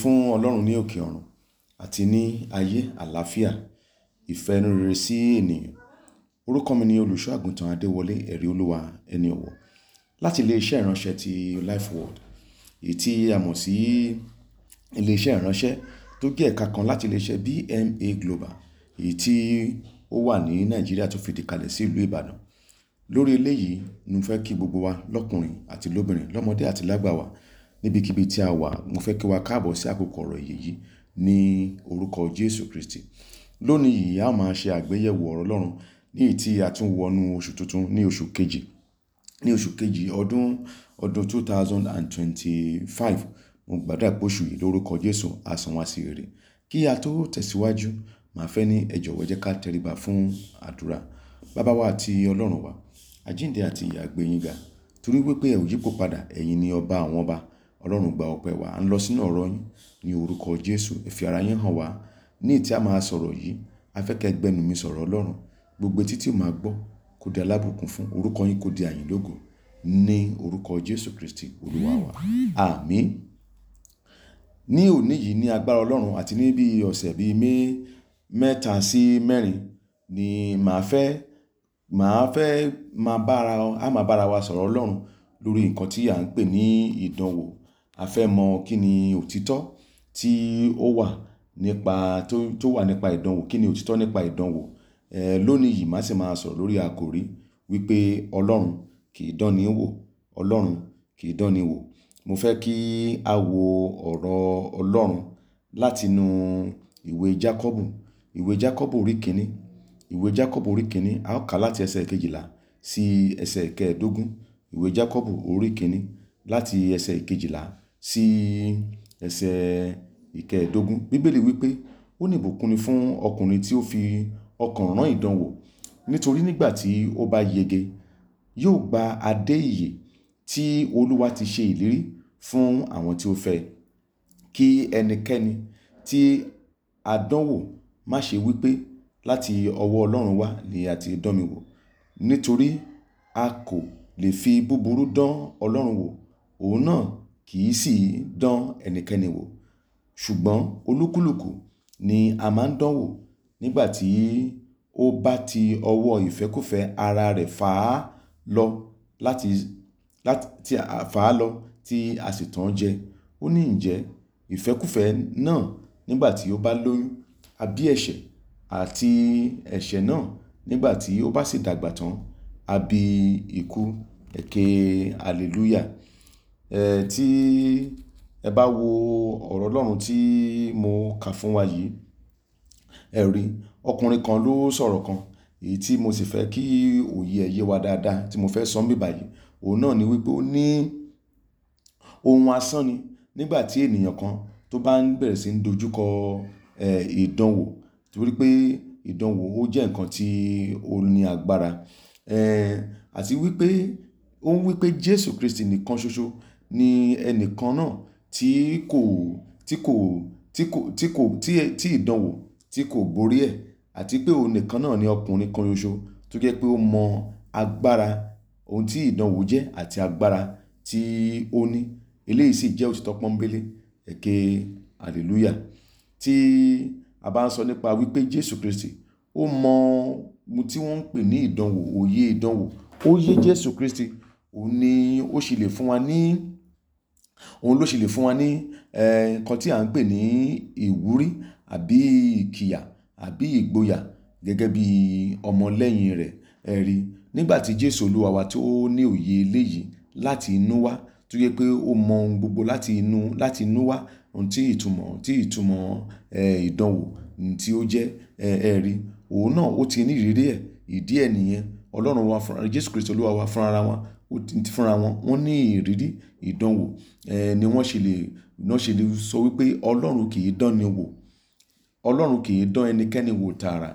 fún Ọlọ́run ní òkè ọ̀run àti ní ayé àlàáfíà ìfẹ́ inú rere sí ènìyàn. Orúkọ mi ni olùṣọ́ àgùntàn Adéwọlé ẹ̀rí Olúwa ẹni ọ̀wọ̀ láti ilé iṣẹ́ ìránṣẹ́ ti Life Word èyí tí a mọ̀ sí ilé iṣẹ́ ìránṣẹ́ tó jẹ́ ẹ̀ka kan láti ilé BMA Global èyí tí ó wà ní Nàìjíríà tó fìdí kalẹ̀ sí ìlú Ìbàdàn. Lórí eléyìí, mo fẹ́ kí gbogbo wa lọ́kùnrin àti lóbìnrin, lọ́mọdé àti lágbà níbikíbi tí a wà mo fẹ́ kí wa káàbọ̀ sí àkókò ọ̀rọ̀ yìí ní orúkọ Jésù Kristi lónìí yìí a máa ṣe àgbéyẹ̀wò ọ̀rọ̀ Ọlọ́run ní èyí tí a tún wọnú oṣù tuntun ní oṣù kejì ní oṣù kejì ọdún ọdún 2025 mo gbàdúrà pé oṣù yìí lórúkọ Jésù á sàn wá sí rere kí a tó tẹ̀síwájú màá fẹ́ ní ẹ jọ̀wọ́ jẹ́ ká tẹríba fún àdúrà bàbá wa àti Ọlọ́run wa àjíǹde àti ìyàgbé yín ga torí wípé ẹ ò padà ẹ̀yin ni ọba àwọn ọba Ọlọ́run gba ọpẹ́ wa. A ń lọ sínú ọ̀rọ̀ yín ní orúkọ Jésù. Ẹ fi ara yín hàn wá. Ní èyí tí a máa sọ̀rọ̀ yìí, a fẹ́ gbẹnu mi sọ̀rọ̀ Ọlọ́run. Gbogbo etí tí máa gbọ́ kó di alábùkún fún, orúkọ yín kó di àyìn lógo. Ní orúkọ Jésù Kristi Olúwa wa. Àmín. Ní òní yìí ní agbára Ọlọ́run àti ní bí ọ̀sẹ̀ bí mẹ́ta sí mẹ́rin ni màá fẹ́, màá fẹ́ máa bá ara, wa sọ̀rọ̀ Ọlọ́run lórí nǹkan tí à ń pè ní ìdánwò a fẹ́ mọ kí ni òtítọ́ tí ó wà nípa tó, tó wà nípa ìdánwò, kí ni òtítọ́ nípa ìdánwò. Ehn, lónìí yìí màá sì máa sọ̀rọ̀ lórí àkòrí wípé Ọlọ́run kì í dánni wò, Ọlọ́run kì í dánni wò. Mo fẹ́ kí a wo ọ̀rọ̀ Ọlọ́run láti inú ìwé Jákọ́bù, ìwé Jákọ́bù orí kìíní, ìwé Jákọ́bù orí kìíní, a ó kà láti ẹsẹ̀ kejìlá sí ẹsẹ̀ kẹẹ̀dógún. Ìwé Jákọ́bù orí kìíní láti ẹsẹ̀ kejìlá sí ẹsẹ̀ ìkẹẹ̀dógún. Bíbélì wípé ó ní ìbùkún ni fún ọkùnrin tí ó fi ọkàn rán ìdánwò. Nítorí nígbà tí ó bá yege, yóò gba adé ìyè tí Olúwa ti ṣe ìlérí fún àwọn tí ó fẹ́. Kí ẹnikẹ́ni tí a dánwò má ṣe wípé láti ọwọ́ Ọlọ́run wá ni a ti dán mi wò. Nítorí a kò lè fi búburú dán Ọlọ́run wò. Òun náà kì í sì í dán ẹnikẹ́ni wò ṣùgbọ́n olúkúlùkù ni a máa ń dán wò nígbà tí ó bá ti ọwọ́ ìfẹ́kúfẹ̀ẹ́ ara rẹ̀ fà á lọ láti tí a fà á lọ tí a sì tàn án jẹ ó ní ǹjẹ́ ìfẹ́kúfẹ̀ẹ́ náà nígbà tí ó bá lóyún a ẹ̀ṣẹ̀ àti ẹ̀ṣẹ̀ náà nígbà tí ó bá sì dàgbà tán a ikú ẹ̀kẹ́ hallelujah tí ẹ bá wo ọ̀rọ̀ Ọlọ́run tí mo kà fún wa yìí ẹ rí ọkùnrin kan ló sọ̀rọ̀ kan èyí tí mo sì fẹ́ kí òye ẹ̀ wa dáadáa tí mo fẹ́ sọ ń bíbà yìí òun náà ni wípé ó ní ohun asán ni nígbà tí ènìyàn kan tó bá ń bẹ̀rẹ̀ sí ń dojúkọ ìdánwò torí pé ìdánwò ó jẹ́ nǹkan tí ó ní agbára àti wípé ó ń wípé Jésù Kristi nìkan ṣoṣo ni ẹnìkan náà tí kò, tí kò, tí kò, tí kò, tí, tí ìdánwò tí kò borí ẹ̀ àti pé òun nìkan náà ni ọkùnrin kan ṣoṣo tó jẹ́ pé ó mọ agbára ohun tí ìdánwò jẹ́ àti agbára tí ó ní. Eléyìí sì jẹ́ òtítọ́ pọ́nńbélé. Ẹ hallelujah. Tí a bá ń sọ nípa wípé Jésù Kristi ó mọ ohun tí wọ́n ń pè ní ìdánwò, òye ìdánwò. Ó yé Jésù Kristi, òun ni ó sì lè fún wa ní Òun ló ṣe lè fún wọn ní nǹkan tí à ń pè ní ìwúrí àbí ìkìyà àbí ìgboyà gẹ́gẹ́ bí ọmọ lẹ́yìn rẹ̀. Ẹ rí, nígbà tí Jésù Olúwa wa tó ní òye eléyìí láti inú wá, tó jẹ́ pé ó mọ ohun gbogbo láti inú, láti inú wá, ohun tí ìtumọ̀, tí ìtumọ̀ ìdánwò tí ó jẹ́. Ẹ òun náà ó ti ní ìrírí ẹ̀, ìdí ẹ nìyẹn ọlọ́run wa fúnra jésù kristu olúwa wa fúnra wọn fúnra wọn wọ́n ní ìrírí ìdánwò ni wọ́n ṣe lè náà ṣe lè sọ wípé ọlọ́run kì í dán ni wò ọlọ́run kì í dán ẹnikẹ́ni wò tààrà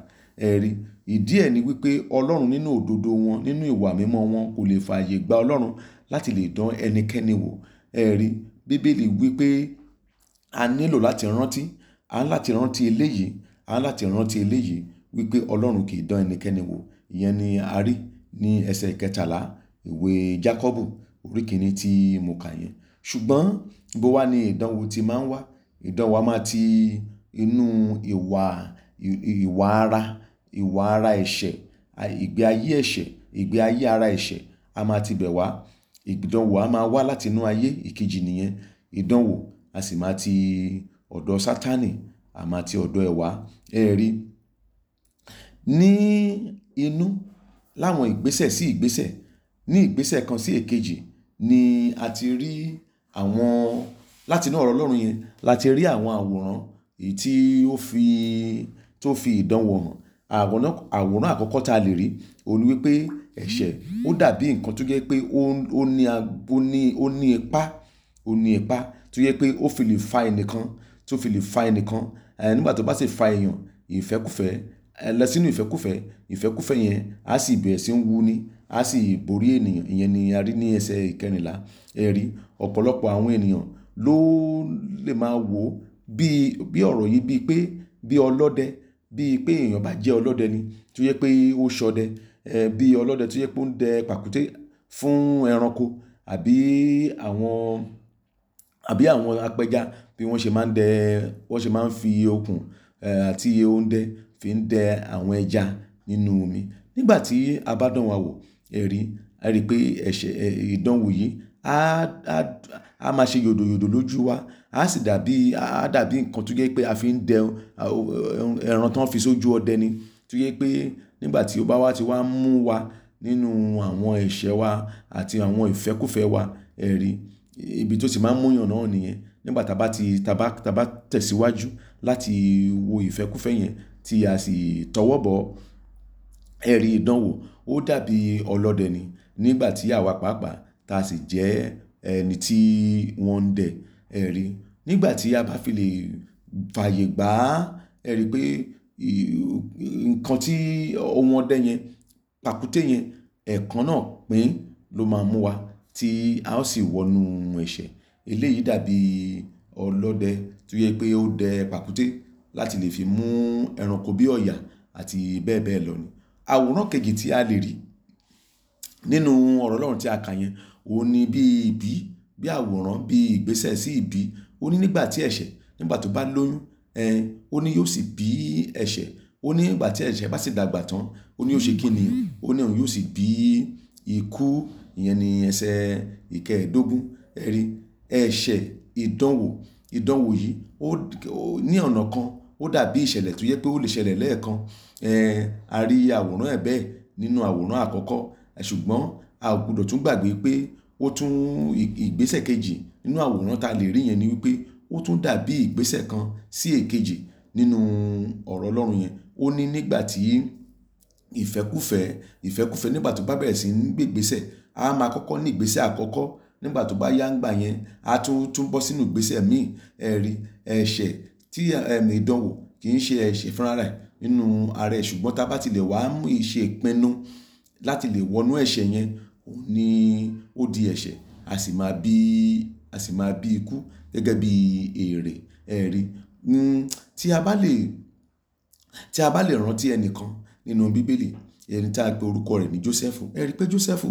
ẹ̀rí ìdí ẹ̀ ni wípé ọlọ́run nínú òdodo wọn nínú ìwà mímọ́ wọn kò lè fààyè gba ọlọ́run láti lè dán ẹnikẹ́ni wò ẹ̀rí bíbélì wípé a nílò láti rántí a ń láti rántí eléyìí a ń láti rántí eléyìí wípé ọlọ́run kì í dán ẹnikẹ́ni wò Ìyẹn ni a rí ní ẹsẹ̀ kẹtàlá ìwé Jákọ́bù orí tí mo kà yẹn. Ṣùgbọ́n ibo wá ni ìdánwò ti máa ń wá? Ìdánwò a máa ti inú ìwà, ìwà ara, ìwà ara ẹ̀ṣẹ̀, ìgbé ayé ẹ̀ṣẹ̀, ìgbé ayé ara ẹ̀ṣẹ̀ a máa ti bẹ̀ wá. Ìdánwò a máa wá láti inú ayé ìkejì nìyẹn. Ìdánwò a sì máa ti ọ̀dọ̀ Sátánì, a máa ti ọ̀dọ̀ ẹ̀ wá. Ní inú láwọn ìgbésẹ̀ sí ìgbésẹ̀ ní ìgbésẹ̀ kan sí èkejì ni a ti rí àwọn láti inú ọ̀rọ̀ Ọlọ́run yẹn la ti rí àwọn àwòrán èyí tí ó fi tó fi ìdánwò hàn. Àwòrán, àwòrán àkọ́kọ́ ta lè rí òun ni wípé ẹ̀ṣẹ̀ ó dàbí ǹkan tó jẹ́ pé ó ní, ó ní, ó ní ipá, ó ní ipá tó jẹ́ pé ó fi lè fa ẹnìkan, tó fi lè fa ẹnìkan, nígbà tó bá sì fa èèyàn ìfẹ́kúfẹ̀ẹ́ lọ sínú ìfẹ́kúfẹ́ ìfẹ́kúfẹ́ yẹn á sì bẹ̀rẹ̀ sí ń wú ni á sì borí ènìyàn ìyẹn ni a rí ní ẹsẹ̀ ìkẹrìnlá ẹ̀rí ọ̀pọ̀lọpọ̀ àwọn ènìyàn ló lè máa wò bí bí ọ̀rọ̀ yìí bíi pé bí ọlọ́dẹ bíi pé èèyàn bá jẹ́ ọlọ́dẹ ni tó yẹ pé ó ṣọdẹ bí ọlọ́dẹ tó yẹ pé ó ń dẹ pàkúté fún ẹranko àbí àwọn àbí àwọn apẹja bí wọ́n ṣe máa ń dẹ wọ́n ṣe máa ń fi okùn àti oúnjẹ fi ń dẹ àwọn ẹja nínú omi. Nígbà tí a bá dán wọn wò, ẹ a rí pé ẹ̀ṣẹ̀ ìdánwò yìí á máa ṣe yòdòyòdò lójú wa. A sì dàbí, a dàbí nǹkan tó jẹ́ pé a fi ń dẹ ẹran tó ń fi sójú ọdẹ ni. Tó jẹ́ pé nígbà tí ó bá wá ti wá mú wa nínú àwọn ẹ̀ṣẹ̀ wa àti àwọn ìfẹ́kúfẹ̀ẹ́ wa, ẹ ibi tó ti máa ń mú náà nìyẹn. Nígbà tí a bá tẹ̀síwájú láti wo ìfẹ́kúfẹ̀ẹ́ yẹn, tí a sì tọwọ́ bọ̀ ẹ̀rí ìdánwò ó dàbí ọlọ́dẹ ni nígbà tí àwa pàápàá tá a sì jẹ́ ẹni tí wọ́n ń dẹ ẹ̀rí nígbà tí a bá fi lè fààyè gbà á ẹ̀rí pé nǹkan tí ohun ọdẹ yẹn pàkúté yẹn ẹ̀ẹ̀kan náà pín ló máa mú wa tí a ó sì wọnú ẹ̀ṣẹ̀ eléyìí dàbí ọlọ́dẹ tó yẹ pé ó dẹ pàkúté láti lè fi mú ẹranko bí ọ̀yà àti bẹ́ẹ̀ bẹ́ẹ̀ lọ ni. Àwòrán kejì tí a lè rí nínú ọ̀rọ̀ Ọlọ́run tí a kà yẹn, òun ni bí ìbí, bí àwòrán, bí ìgbésẹ̀ sí ìbí. Ó ní nígbà tí ẹ̀ṣẹ̀, nígbà tó bá lóyún, ẹn, ó ní yóò sì bí ẹ̀ṣẹ̀. Ó ní nígbà tí ẹ̀ṣẹ̀ bá sì dàgbà tán, ó ní yóò ṣe kí ni? Ó ní òun yóò sì bí ikú. Ìyẹn ni ẹsẹ̀ ìkẹẹ̀dógún. Ẹ ẹ̀ṣẹ̀, ìdánwò, ìdánwò yìí ó ní ọ̀nà kan ó dàbí ìṣẹ̀lẹ̀ tó yẹ pé ó lè ṣẹlẹ̀ lẹ́ẹ̀kan a rí àwòrán ẹ̀ bẹ́ẹ̀ nínú àwòrán àkọ́kọ́ ṣùgbọ́n a ò gbọdọ̀ tún gbàgbé pé ó tún ìgbésẹ̀ kejì nínú àwòrán tá a lè rí yẹn ni wípé ó tún dàbí ìgbésẹ̀ kan sí èkejì nínú ọ̀rọ̀ Ọlọ́run yẹn ó ní nígbà tí ìfẹ́kùfẹ́ ìfẹ́kùfẹ́ nígbà tó bá bẹ̀rẹ̀ sí ní gbègbésẹ̀ a máa kọ́kọ́ ní ìgbésẹ̀ àkọ́kọ́ nígbà tó bá yá ń gbà yẹn a tún tún bọ́ sínú ìgbésẹ̀ míì ẹ̀rí ẹ̀ṣẹ̀ tí um ìdánwò kì í ṣe ẹ̀ṣẹ̀ fúnra rẹ̀ nínú ara ẹ̀ ṣùgbọ́n tá a bá ti lè wá mú ìṣe ìpinnu láti lè wọnú ẹ̀ṣẹ̀ yẹn òun ni ó di ẹ̀ṣẹ̀ a sì máa bí a sì máa bí ikú gẹ́gẹ́ bí èrè ẹ̀rí tí a bá lè tí a bá lè rántí ẹnìkan nínú bíbélì ẹni tá a pe orúkọ rẹ̀ ní Jósẹ́fù ẹ rí i pé Jósẹ́fù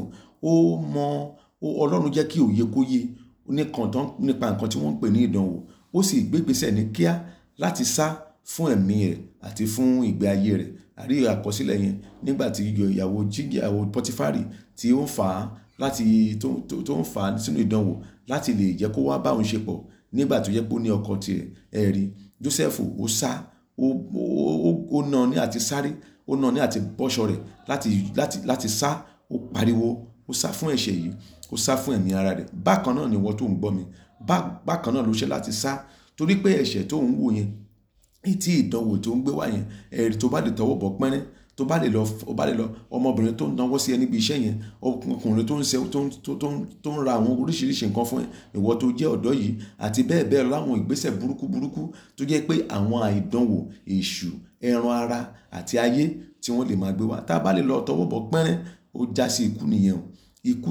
ó mọ Ọlọ́run jẹ́ kí òye kó yé nípa nǹkan tí wọ́n ń pè ní ìdánwò ó sì gbé ìgbésẹ̀ ní kíá láti sá fún ẹ̀mí rẹ̀ àti fún ìgbé ayé rẹ̀. A rí àkọsílẹ̀ yẹn nígbà tí ìyàwó ìyàwó Pọtifárì tí ó ń fà á láti tó ń fà á sínú ìdánwò láti lè jẹ́ kó wá bá òun ṣe pọ̀ nígbà tó jẹ́ pé ó ní ọkọ tirẹ̀. Ẹ rí Jósẹ́fù ó sá ó na ní àti sáré ó na ní àti bọ́ṣọ rẹ̀ láti sá ó pariwo ó sá fún ẹ̀ṣẹ̀ yìí ó sá fún ẹ̀mí ara rẹ̀. Bákan náà ni ìwọ tó ń gbọ́ mi bákan náà ló ṣe láti sá torí pé ẹ̀ṣẹ̀ tó ń wò yẹn etí ìdánwò tó ń gbé wá yẹn ẹ̀rí tó bá lè tọwọ́ bọ̀ pẹ́rín tó bá lè lọ ó bá lè lọ ọmọbìnrin tó ń náwó sí ẹ níbi iṣẹ́ yẹn ọkùnrin tó ń ṣe tó ń ra àwọn oríṣiríṣi nǹkan fún ẹ ìwọ tó jẹ́ ọ̀dọ́ yìí àti bẹ́ẹ̀ bẹ́ẹ̀ láwọn ìgbésẹ̀ burúkú burúkú tó jẹ́ pé àwọn àìdánwò èṣù ẹran ara àti ayé tí wọ́n lè máa gbé wá tá a bá lè lọ tọwọ́ bọ̀ pẹ́rín ó já sí ikú nìyẹn o ikú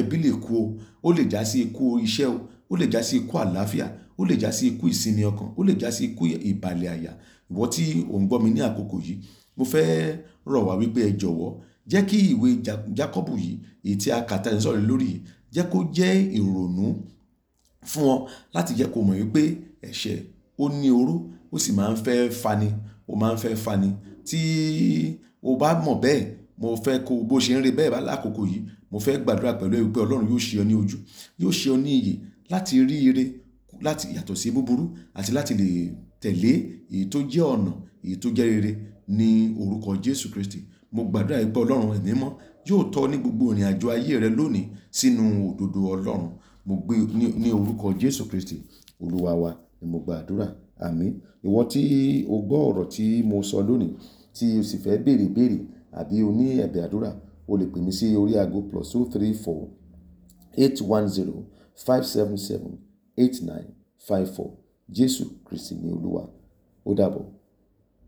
ẹbí lè kú o ó lè já sí ikú iṣẹ́ o ó lè já sí ikú àlàáfíà ó lè já sí ikú ìsinmi ọkàn ó lè já sí ikú ìbàlẹ̀ àyà ìwọ tí ò ń gbọ́ mi ní àkókò yìí mo fẹ́ rọ̀ wá wípé ẹ jọ̀wọ́ jẹ́ kí ìwé Jákọ́bù yìí èyí tí a kà tá ìsọ̀rọ̀ lórí yìí jẹ́ kó jẹ́ ìrònú fún ọ láti jẹ́ kó mọ̀ wípé ẹ̀ṣẹ̀ ó ní oró ó sì máa ń fẹ́ fani ó máa ń fẹ́ fani tí o bá mọ̀ bẹ́ẹ̀ mo fẹ́ kó bó ṣe ń re bẹ́ẹ̀ lákòókò yìí mo fẹ́ gbàdúrà pẹ̀lú ẹ wípé Ọlọ́run yóò ṣe ọ ní ojú yóò ṣe ọ ní iyè láti rí ire láti yàtọ̀ sí búburú àti láti lè tẹ̀lé èyí tó jẹ́ ọ̀nà èyí tó jẹ́ rere ní orúkọ Jésù Kristi. Mo gbàdúrà wípé Ọlọ́run ẹ̀mí mọ́ yóò tọ́ ní gbogbo ìrìn àjò ayé rẹ lónìí sínú òdodo Ọlọ́run. Mo gbé ní orúkọ Jésù Kristi Olúwa wa ni mo gbàdúrà. Àmín. Ìwọ tí o gbọ́ ọ̀rọ̀ tí mo sọ lónìí tí o sì fẹ́ béèrè béèrè àbí o ní ẹ̀bẹ̀ àdúrà o lè pè mí sí orí aago plus two three four eight one zero five seven seven eight nine five four jésù kristi ni olúwa ó dàbọ̀.